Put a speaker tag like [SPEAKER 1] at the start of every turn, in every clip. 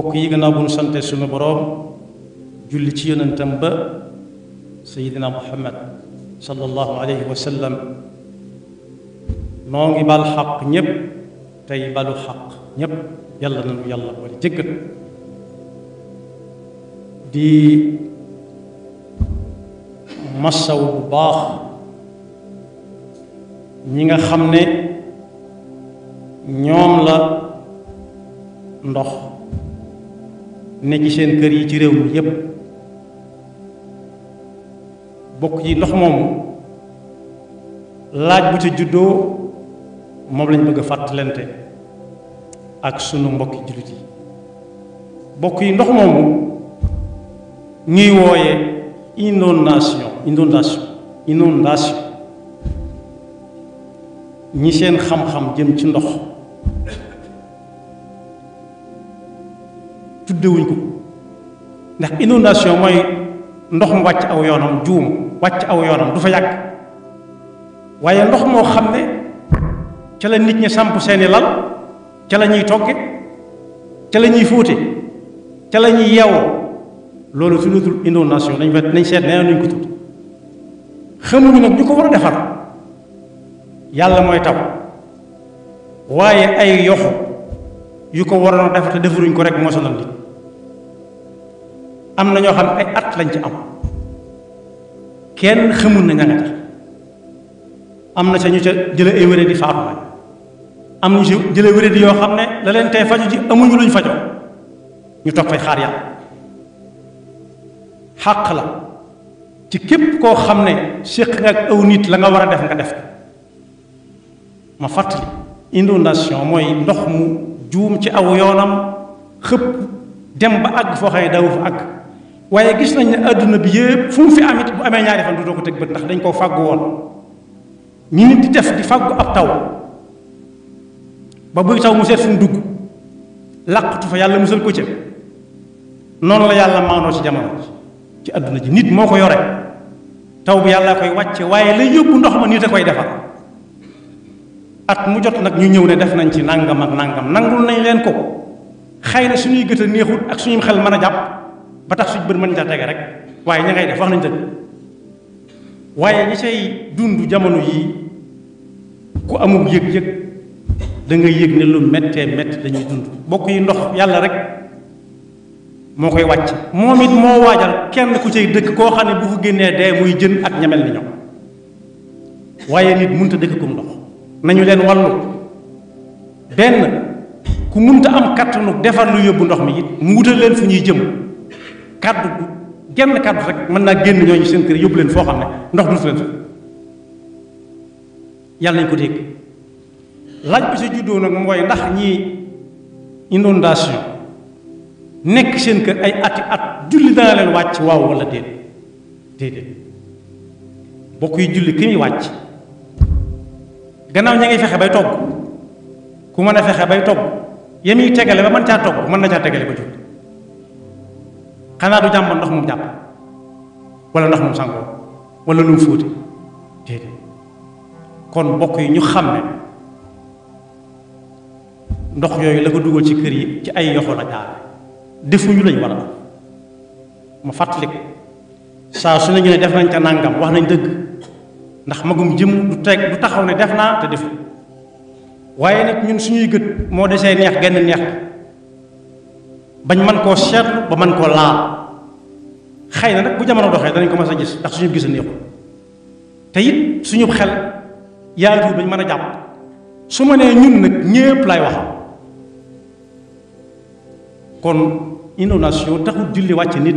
[SPEAKER 1] mbokk yi gannaaw bu ñu sante suñu borom julli ci yonentam ba sayidina muhammad sallallahu alayhi wa sallam noo ngi bal xaq ñépp tey balu xaq ñépp yàlla nanu yàlla wala jëkkat di massaw bu baax ñi nga xam ne ñoom la ndox ne ci seen kër yi ci réew mi yépp bokk yi ndox moomu laaj bu ci juddoo moom lañ bëgg a fàttalante ak sunu mbokki jullit yi bokk yi ndox moomu ñuy wooye inondation inondation inondation ñi seen xam-xam jëm ci ndox tuddewuñ ko ndax mooy ndox mu wàcc aw yoonam wàcc aw yoonam du yàgg waaye ndox moo xam ne ca la nit ñi samp seeni lal ca la ñuy togge ca la ñuy fóote ca la ñuy yeewoo loolu tuddatul inondation dañ fa nañ seet nee nañ ko tudd xamuñu nag ñu ko war a defar yàlla mooy taw waaye ay yoxu yu ko waroon a defar te defaruñ ko rek moo sonal nit am na ñoo xam ne ay at lañ ci am kenn xamul na ña nga tax am na sa ñu ca jële ay wéré di faatu nañ am ñu ci jële wéré yoo xam ne la leen tey faju ji amuñu luñ fajoo ñu toog fay xaar yàlla la ci képp koo xam ne séq nga ak aw nit la nga war a def nga def ma fàttali inondation mooy ndox mu juum ci aw yoonam xëpp dem ba àgg foo xam ne dawu fa àgg waye gis nañ ne adduna bi yëpp fu fi amit bu amee ñaari fan du doo ko bët ndax dañ koo fàggu woon ñi nit di def di fàggu ab taw ba buy taw mu seet fu dugg làqatu fa yàlla musal ko ca noonu la yàlla maanoo ci jamono ci adduna ji nit moo yore taw bi yàlla koy wàcce waaye lay yóbbu ndox ma nit koy defar at mu jot nag ñu ñëw ne def nañ ci nangam ak nangam nangul nañ leen ko xëy suñuy gët neexut ak suñu xel mën jàpp ba tax suñ bët mën caa tege rek waaye ña ngay def wax nañ dëgg waaye ñi say dund jamono yii ku amul yëg-yëg da ngay yëg ne lu méttee métti dañuy dund bokk yi ndox yàlla rek moo koy wàcc moom it moo waajal kenn ku cay dëkk koo xam ne bu ko génnee dee muy jën ak ñamel ni ñoom waaye nit munta dëkk kum ndox nañu leen wallu benn ku munta am kattanu defar lu yóbbu ndox mi it mu wutal leen fu ñuy jëm kaddu genn kaddu rek mën naa génn ñooñu seen kër yóbbu leen foo xam ne ndox du leen fa yàlla nañ ko dégg laaj bi sa juddoo nag mooy ndax ñii inondation nekk seen kër ay ati at julli dana leen wàcc waaw wala déet déedéet bokk yi julli ki muy wàcc gannaaw ña ngi fexe bay togg ku mën a fexe bay togg yem yi tegale ba mën caa togg mën na caa tegale ba julli xanaa du jàmbat ndox moom jàpp wala ndox moom sangoo wala lu mu fóote déedéet kon bokk yi ñu xam ne ndox yooyu la ko dugal ci kër yi ci ay yoxo la jaar defuñu lañ war a ma fàttaliku saa su ne ñu ne def nañ ca nàngam wax nañ dëgg ndax magum jëm du teg du taxaw ne def naa te defu waaye nag ñun suñuy gët moo desee neex genn neex bañ man ko seetlu ba man ko la xeyna nak bu jamono doxee danañ commencé gis ndax suñu gis neexu te yit suñu xel ju bañ mëna japp suma su ñun nak ñepp lay wax kon innovation taxu julli wacc nit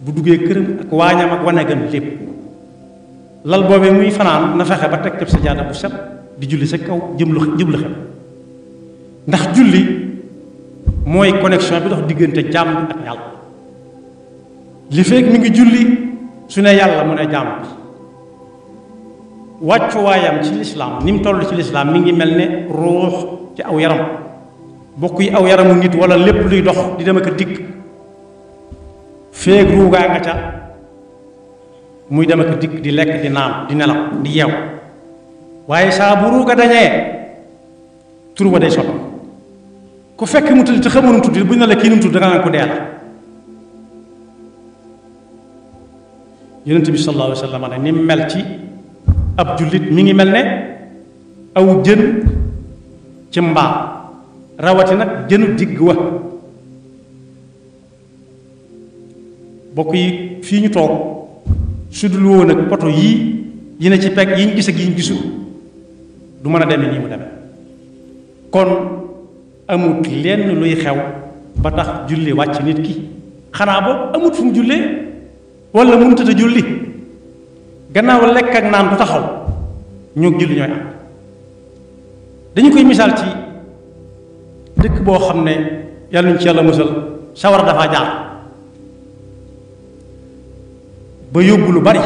[SPEAKER 1] bu duggé kërëm ak wañam ak wanegam lepp lal bobé muy fanan na fexé ba tek cëb sa jaada bu set di julli sa kaw jëm lu jëm lu xel ndax julli mooy connexion bi dox diggante jàmm ak yàlla li feeg mi ngi julli su ne yàlla mu ne jàmm bi wàccuwaayam ci lislaam ni mu toll ci lislaam mi ngi mel ne ruux ci aw yaram bokk yi aw yaramu nit wala lépp luy dox di dem ak dikk feeg ruugaa nga ca muy dem ak di lekk di nam di nelaw di yew waaye saa bu ruuga dañee tur ba day ku fekk mu tudd te xamul mu tudd bu ne la kii nu mu tudd da nga ko dee la bi sallallahu alayhi wa sallam ne ni mel ci ab jullit mi ngi mel ne aw jën ci mbaam rawati nag jënu digg wa bokk yi fii ñu toog su dul woon poto yii yi ne ci peg yi ñu gis ak yi ñu gisul du mën a demee nii mu demee kon amut lenn luy xew ba tax julli wàcc nit ki xanaa boobu amut fu mu jullee wala mënut julli gannaaw lekk ak naan du taxaw ñoo julli ñooy am dañu koy misaal ci dëkk boo xam ne yàlla ñu ci yàlla musal sawar dafa jaar ba yóbbu lu bari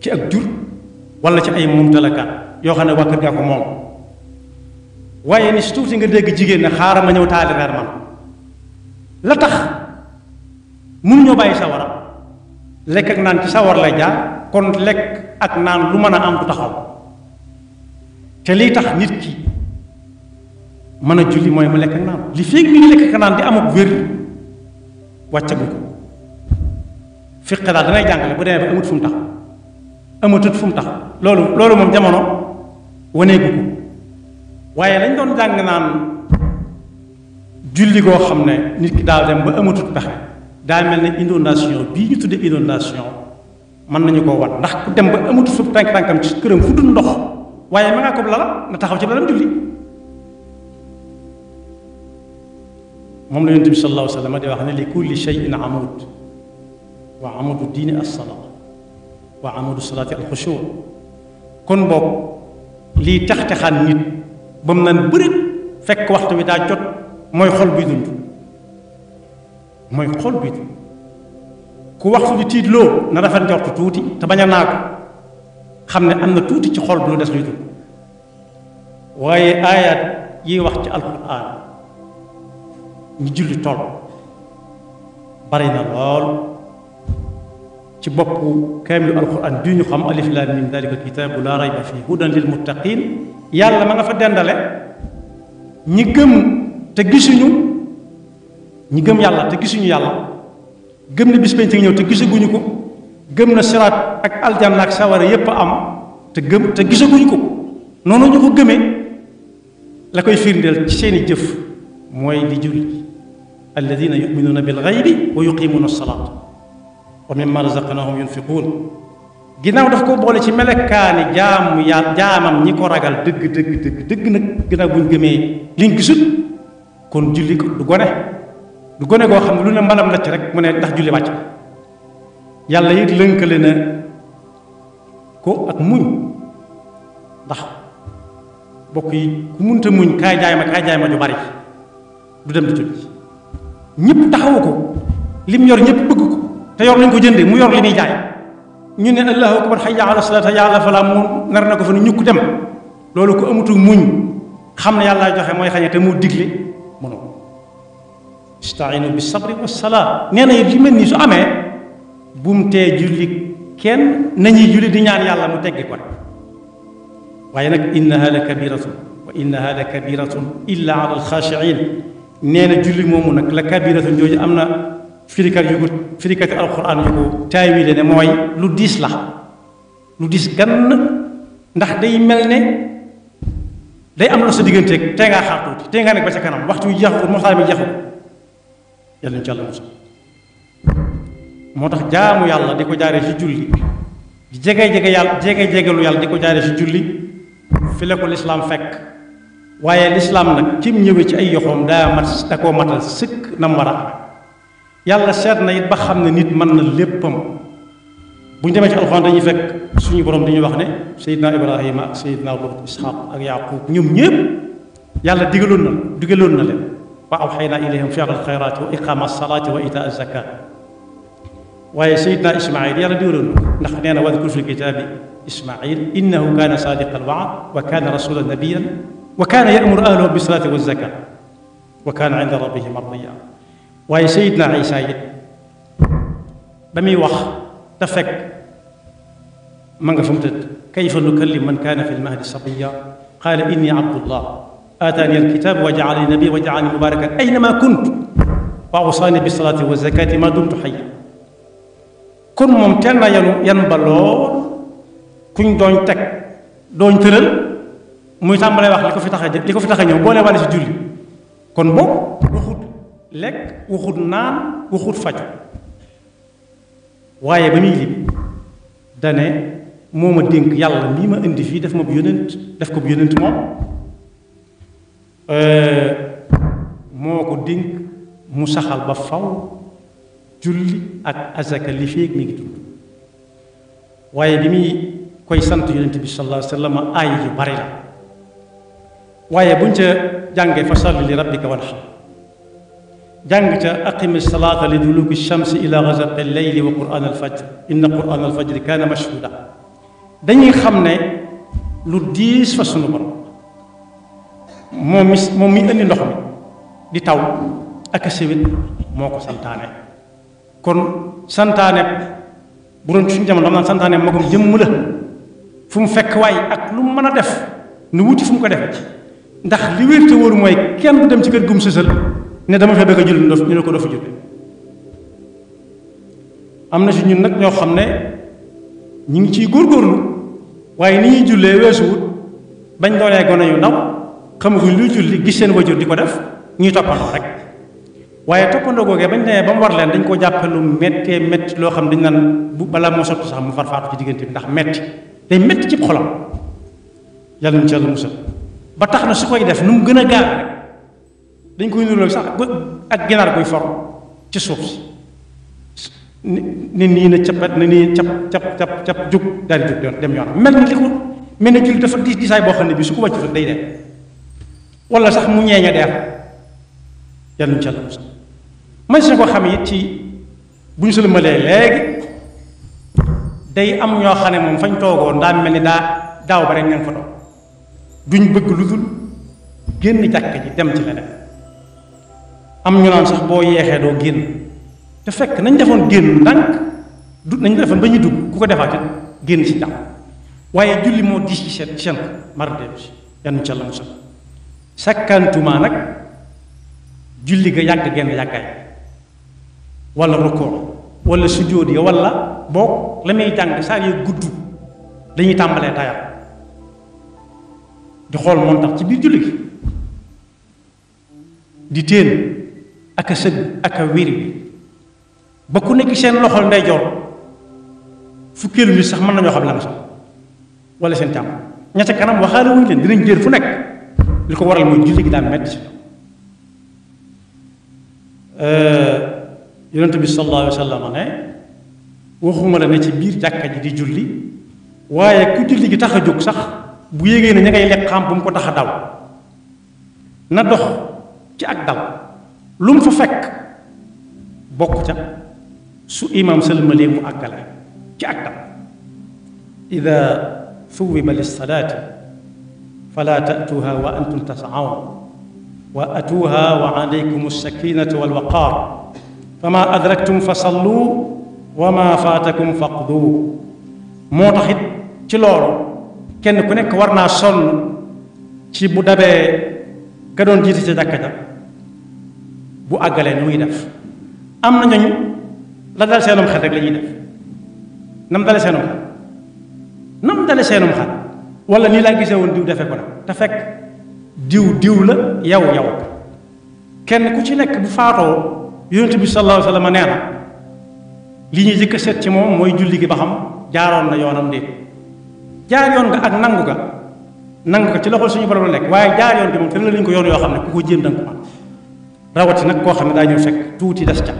[SPEAKER 1] ci ak jur wala ci ay moom talakaat yoo xam ne waa kër gaa ko moom waaye ni si tuuti nga dégg jigéen ne xaaral ma ñëw taali reer man la tax mënuñoo bàyyi sawara lekk ak naan ci sawar lay jaar kon lekk ak naan lu mën a am du taxaw te lii tax nit ki mën a julli mooy mu lekk ak naan li feeg mi ngi lekk ak naan di am ak wér wàccagu ko fiqe daal danay jàngale bu demee ba amut fu mu taxaw amatut fu mu taxaw loolu loolu moom jamono waneegu ko waaye lañ doon jàng naan julli goo xam ne nit ki daal dem ba amatut pexe daal mel ne inondation bii ñu tuddee inondation man nañu koo wat ndax ku dem ba amatu fu tànk tànkam ci këram fu dul ndox waaye ma nga ko lala na taxaw ci lalam julli moom la yonent bi sallallahu alayhi wa sallam di wax ne li kulli shay'in amud wa amudu diini as-salaa wa amudu salaati al-xushuu kon boog lii tax nit ba mu naan bërit fekk waxtu wi daa jot mooy xol buy dund mooy xol buy dund ku waxtu di tiit loo na rafet njortu tuuti te bañ a naa ko xam ne am na tuuti ci xol bu lu des luy dund waaye aayaat yi wax ci alxuraan ñu julli toll bari na lool ci boppu kaamilu alxuraan bii ñu xam alif laam miim dalika alkitaabu laa rayba fii hudan lil muttaqin yàlla ma nga fa dendale ñi gëm te gisuñu ñi gëm yàlla te gisuñu yàlla gëm ni bis penc ñëw te gisaguñu ko gëm na sirat ak aljanna ak sawara yépp am te gëm te gisaguñu ko nonu ñu ko gëmé la koy firndel ci seeni jëf moy di julli alladina yuminuuna bil gaybi wa yuqimuuna alsalaat wa mimma razaqnahum yunfiquun ginnaaw daf ko boole ci melekaani jaamu yàlla jaamam ñi ko ragal dëgg dëgg dëgg dëgg nag ginnaaw buñ gëmee liñ gisut kon julli ko du gone du gone goo xam ne lu ne mbalam la ci rek mu ne ndax julli wàcc yàlla it lënkale na ko ak muñ ndax bokk yi ku munta muñ kaay jaay ma kaay jaay ma ju bari du dem di julli ñëpp taxawu ko lim yor ñëpp bëgg ko te yor nañ ko jënde mu yor li muy jaay ñu ne allahu akbar hayya ala salata ya la fala mu nar na ko fa ne ñukk dem lolu ko amutu muñ xamna yàlla joxe moy xagne te moo digle mënu ko istainu bi sabri was sala nee na li mel nii su amee bum té julli kenn nañi julli di ñaan yàlla mu téggé ko waye nak nag innaha la wa innaha la kabiratun illa ala alxaashiin nee na julli momu nak la kabiratun joji amna firikat yu ko firikati alxuraan yu ko taawile ne mooy lu diis la lu diis gann ndax day mel ne day am lu sa diggante rek tey ngaa xaar tuuti tey ngaa nekk ba ca kanam waxtu yu jeexul moxtaar mi jeexul yàlla yàlla musal di ko jaaree ci julli di jege jege yàlla jege jegelu yàlla di ko jaaree ci julli fi la ko lislaam fekk waaye lislaam nag cim ñëwee ci ay yoxoom daa mat da koo matal sëkk na war a yàlla seet na it ba xamne nit man na léppam buñ demé ci alcorane dañuy fekk suñu borom dañuy wax ne sayidna ibrahima ak lut ishaq ak yaqub ñom ñëpp yàlla digaloon na digaloon na leen wa awhayna ilayhim fi al-khayrat wa iqama as-salati wa itaa az-zakat waye sayidna ismail yàlla digaloon ndax neena wa kursu kitabi kitaabi ismail innahu kaana saadiqa alwaad wa kaana rasula nabiyan wa kaana yamuru ahlahu bisalaati wazaka wa kaana inda rabbih mardiya waaye sayidna isa it ba muy wax te fekk ma nga fa mu tëdd kayfa nukallim man kaana fi lmahdi sabiya qala inni abdullah wa آتاني الكتاب وجعلني نبي وجعلني مباركا أينما كنت وأوصاني بالصلاة والزكاة ما دمت حيا كن ممتنا ينبلون كن دون تك دون ترل muy tàmbalee wax li ko fi tax a li ko fi tax a ñëw boole wàlle si julli kon boobu waxut lek waxut naan waxut fajj waaye ba muy lim dane moo ma dénk yàlla mii ma indi fii def ma bu yónent def ko bu yónent moom moo ko dénk mu saxal ba faw julli ak azaka li féeg mi ngi dund waaye bi muy koy sant yónent bi sallallahu alayhi wa sallam aay yu bari la waaye buñ ca jàngee fa salli li rabbika wanhar جانجا أقم الصلاة لدلوك الشمس إلى غزق الليل وقرآن الفجر إن قرآن الفجر كان مشهودا دني خمنا لديس فسنبر مومس مومي أني لخم دي تاو أكسيبت موكو سنتانة كون سنتانة برون شن جمال رمضان سنتانة موكو جمولة فم فكواي أكلم منا دف نووتي فم كدف دخل ويرتي ورموي كان بدم تكر قمسي سلو ne dama fee bëgg a julli ndof ñu ne ko dafa julli am na si ñun nag ñoo xam ne ñu ngi ciy góorgóorlu waaye ni ñuy jullee weesuwut bañ doonee gone yu ndaw xamaguñ luy julli gis seen wajur di ko def ñuy toppandoo rek waaye toppandoo googee bañ demee ba mu war leen dañ koo jàppe lu méttee métti loo xam dañ naan bu balaa moo sotti sax mu farfaatu ci diggante bi ndax métti day métti ci xolam yàlla ñu ci yàlla ba tax na su koy def nu mu gën a gaaw rek dañ koy nuróo sax ba ak ginaar koy for ci suuf si ni nii na cappat ni nii cap cap cap cap jug daal di jug dem mel ni li ko mel ne julli boo xam ne bi su ko dem wala sax mu ñeeña deer yàlla ñu ca xam it ci bu ñu sëlmalee léegi day am ñoo xam ne moom fañ toogoon daa mel ni daa daaw ba rek ña fa toog duñ bëgg lu dul génn jàkk ji dem ci leneen am ñu naan sax boo yeexee doo génn te fekk nañ defoon génn ndànk du nañ ko defoon ba ñuy dugg ku ko defaat génn ci jàmm waaye julli moo di ci seen seen marde bi yan ci la musal sakkantuma nag julli ga yàgg genn yàggaay wala record wala sujjóot ya wala boog la may jàng saa yee gudd dañuy tàmbalee tayal di xool moom tax ci biir julli di teen ak a sëgg ak a wér wi ba ku nekk seen loxol ndeyjoor fukkeelu nit sax mën nañoo xam la sax wala seen càmm ña kanam waxaale wuñu leen dinañ jër fu nekk li ko waral mooy julli gi daan metti yonent bi sallallahu alayhi wa ne waxuma la ne ci biir jàkka ji di julli waaye ku julli gi tax a jóg sax bu yégee ne ña ngay lekk xam bu mu ko tax a daw na dox ci ak dal lum fa fekk bokku ca su imam sallam le mu akala ci ak idha ida lis-salati fala tatuha wa antum tas'aun wa atuha wa alaykum as-sakinatu wal waqar fama adraktum fa sallu wa ma faatakum faqdu motaxit ci lolu kenn ku nek warna son ci bu dabe ka don jiti ci jàkka bu àggalee nu muy def am na ñooñu la dal seenum xel rek la def nam dale seenum xel nam dale wala nii laa gisee woon diw defee ko nag te fekk diw diw la yow yow kenn ku ci nekk bu faatoo yonent bi sallallahu alayhi wa sallam nee na li ñuy jëkk seet moom mooy julli gi ba xam jaaroon na yoonam déet jaar yoon nga ak nangu ga nangu ga ci loxol suñu borom la nekk waaye jaar yoon bi moom te la lañu ko yoon yoo xam ne ku ko jéem danga ko man rawati nak ko xamne da daa ñëw fekk tuuti des ca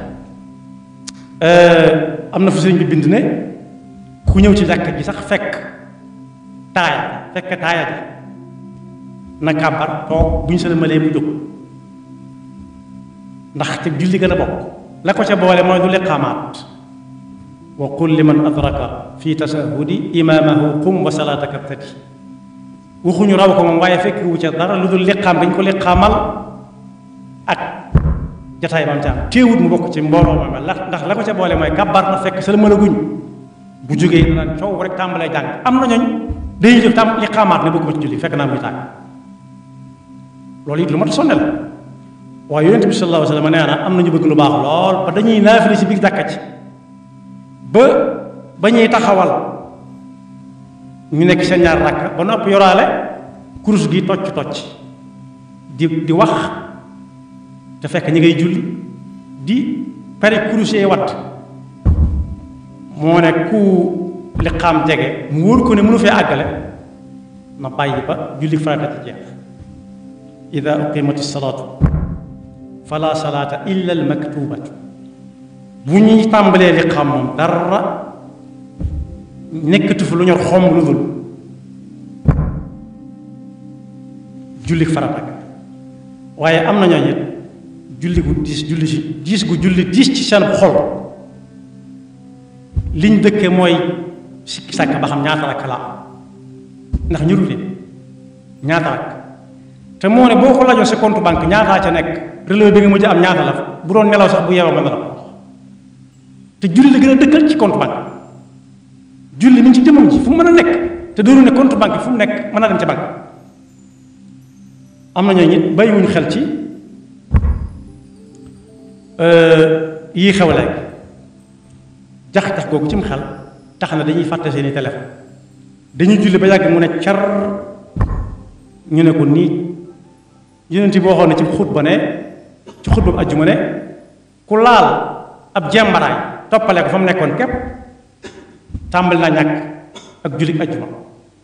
[SPEAKER 1] euh amna fu sëriñ bi bind ne ku ñëw ci jàkka gi sax fekk taaya fekk taaya ja na kàmbar to buñu ñu male mu jóg ndax te julli gëna bok la ko ca boole moy du liqaamaat wa qul liman adraka fi tasahudi imamahu qum wa salaataka waxu ñu raw ko mom waye fekk wu ca dara lu dul liqaam bañ ko liqaamal jataay maam caam teewut mu bok ci mboro ba la ndax la ko ci boole moy gabar na fekk sel mala guñ bu jógee na ciow rek tambalay jang am na ñooñ day jëf tam li xaamaat ne bëgguma ci julli fekk na muy tàgg loolu it lu mat sonne la waaye bi sallallahu alayhi wasallam neena nee na am nañu bëgg lu baax lool ba dañuy naafile ci bi jàkka ci ba bañuy taxawal ñu nekk seen ñaar rak ba nopp yoraale kurus gi tocc tocc di di wax te fekk ñi ngay julli di pare kurusee wat moo ne ku li xam jege mu wóor ko ne mënu fee àggale na bàyyi ba julli farata ci jeex ida uqimat salaatu fala salata illa al maktubatu bu ñuy tàmbalee xam moom dara nekkatu fa lu ñor xom lu dul julli farata waaye am na ñet julli gu diis julli ci diis gu julli diis ci seen xol liñ dëkke mooy sikki sàkk ba xam ñaata rakk la ndax ñuru leen ñaata rakk te moo ne boo ko lajoon sa compte banque ñaataa ca nekk relevé bi nga mujj am ñaata la bu doon nelaw sax bu yeewoo nga la te julli gën a dëkkal ci compte banque julli mi ci jëmam ji fu mën a nekk te dooru ne compte banque fu mu nekk mën a dem ca banque am na xel ci Euh, yii xew léegi jax-jax googu cim xel tax na dañuy fàtte seeni téléphone dañuy julli ba yàgg mu ne car ñu ne ko nii yonent bi waxoon na ci xutba ne ci xutba ajjuma ne ku laal ab jembaraay toppale ko fa mu nekkoon képp tàmbali naa ñàkk ak jullit ajjuma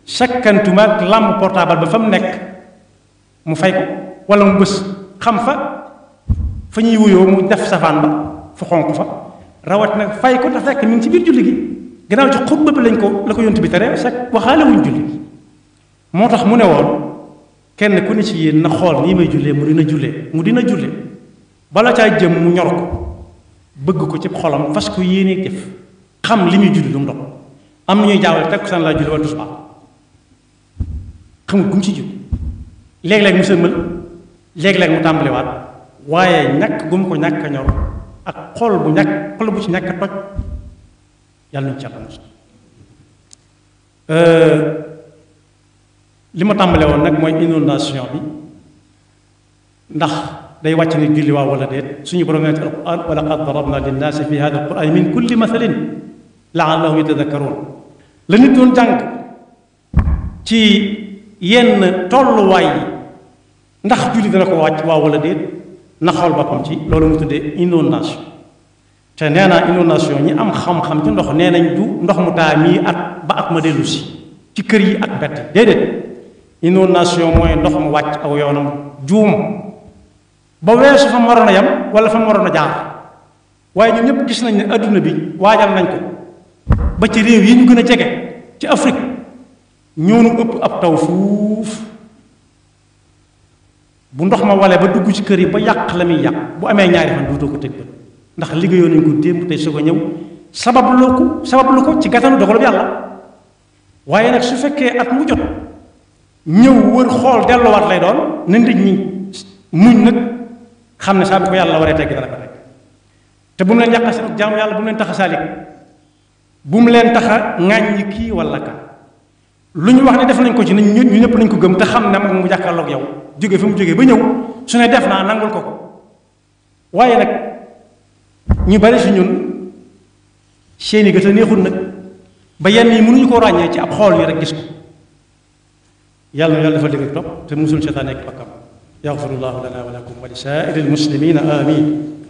[SPEAKER 1] sakkantuma ak làmb ba fa mu nekk mu fay ko wala mu bës xam fa fa wuyo mu def safan ba fu xonq fa rawat nag fay ko dafa fek ni ci bir julli gi gannaaw ci xutba bi lañ ko la ko yont bi tare sax waxale wuñ julli motax mu ne woon kenn ku ne ci yéen na xol ni may julle mu dina julle mu dina julle bala ca jëm mu ñor ko bëgg ko ci xolam fas ko yene def xam li ñu julli lu ndox am na jaawal jaawale san la julli wa tusba xam gu mu ci julli leg leg mu seumal leg leg mu tambali tàmbaliwaat waaye ñàkk gu mu ko ñàkk ñor ak xol bu ñàkk xol bu ci ñàkk toj yàlla ñu ci xam mos li ma tàmbale woon nag mooy inondation bi ndax day wàcc ni julli waa wala déet suñu borom nee alquran wa laqad darabna lin linnaasi fi hada alquran min kulli mathalin laallahum yatadakkaruun la nit doon jàng ci yenn tolluwaay yi ndax julli dana ko wàcc waa wala déet naxal boppam ci loolu mu tuddee inondation te nee naa inondation ñi am xam-xam ci ndox nee nañ du ndox mu taa mii at ba at ma dellu si ci kër yi ak bett déedéet inondation mooy ndox mu wàcc aw yoonam juum ba weesu fa maroon a yam wala fa maroon a jaar waaye ñun ñëpp gis nañ ne adduna bi waajal nañ ko ba ci réew yi ñu gën a jege ci Afrique ñoo nu ëpp ab taw fuuf bu ndox ma walé ba dugg ci kër yi ba yàq la muy yàq bu amee ñaari fan duutoo ko teg ba ndax liggéeyoo nañ ko démb tey soog a ñëw sabab lu ko sabab lu ko ci gàttanu dogalub yàlla waaye nag su fekkee at mu jot ñëw wër xool delluwaat lay doon na nit ñi muñ nag xam ne ko yàlla waree tegg dara ko rek te bu mu leen yàqal seen jaamu yàlla bu mu leen tax a saalik bu mu leen tax a ŋàññi kii wala ka lu ñu wax ne def nañ ko ci nañ ñu ñëpp nañ ko gëm te xam ne mag mu jàkkaarloog yow jóge fi mu jóge ba ñëw su ne def naa nangul ko ko waaye nag ñu bari si ñun seeni gët a neexul nag ba yenn yi mënuñu koo ràññee ci ab xool yi rek gis ko yàlla na yàlla dafa dégg topp te musul seytaane ak bakkam yaxfirullahu lana wa lakum wa li saa'iril muslimina amin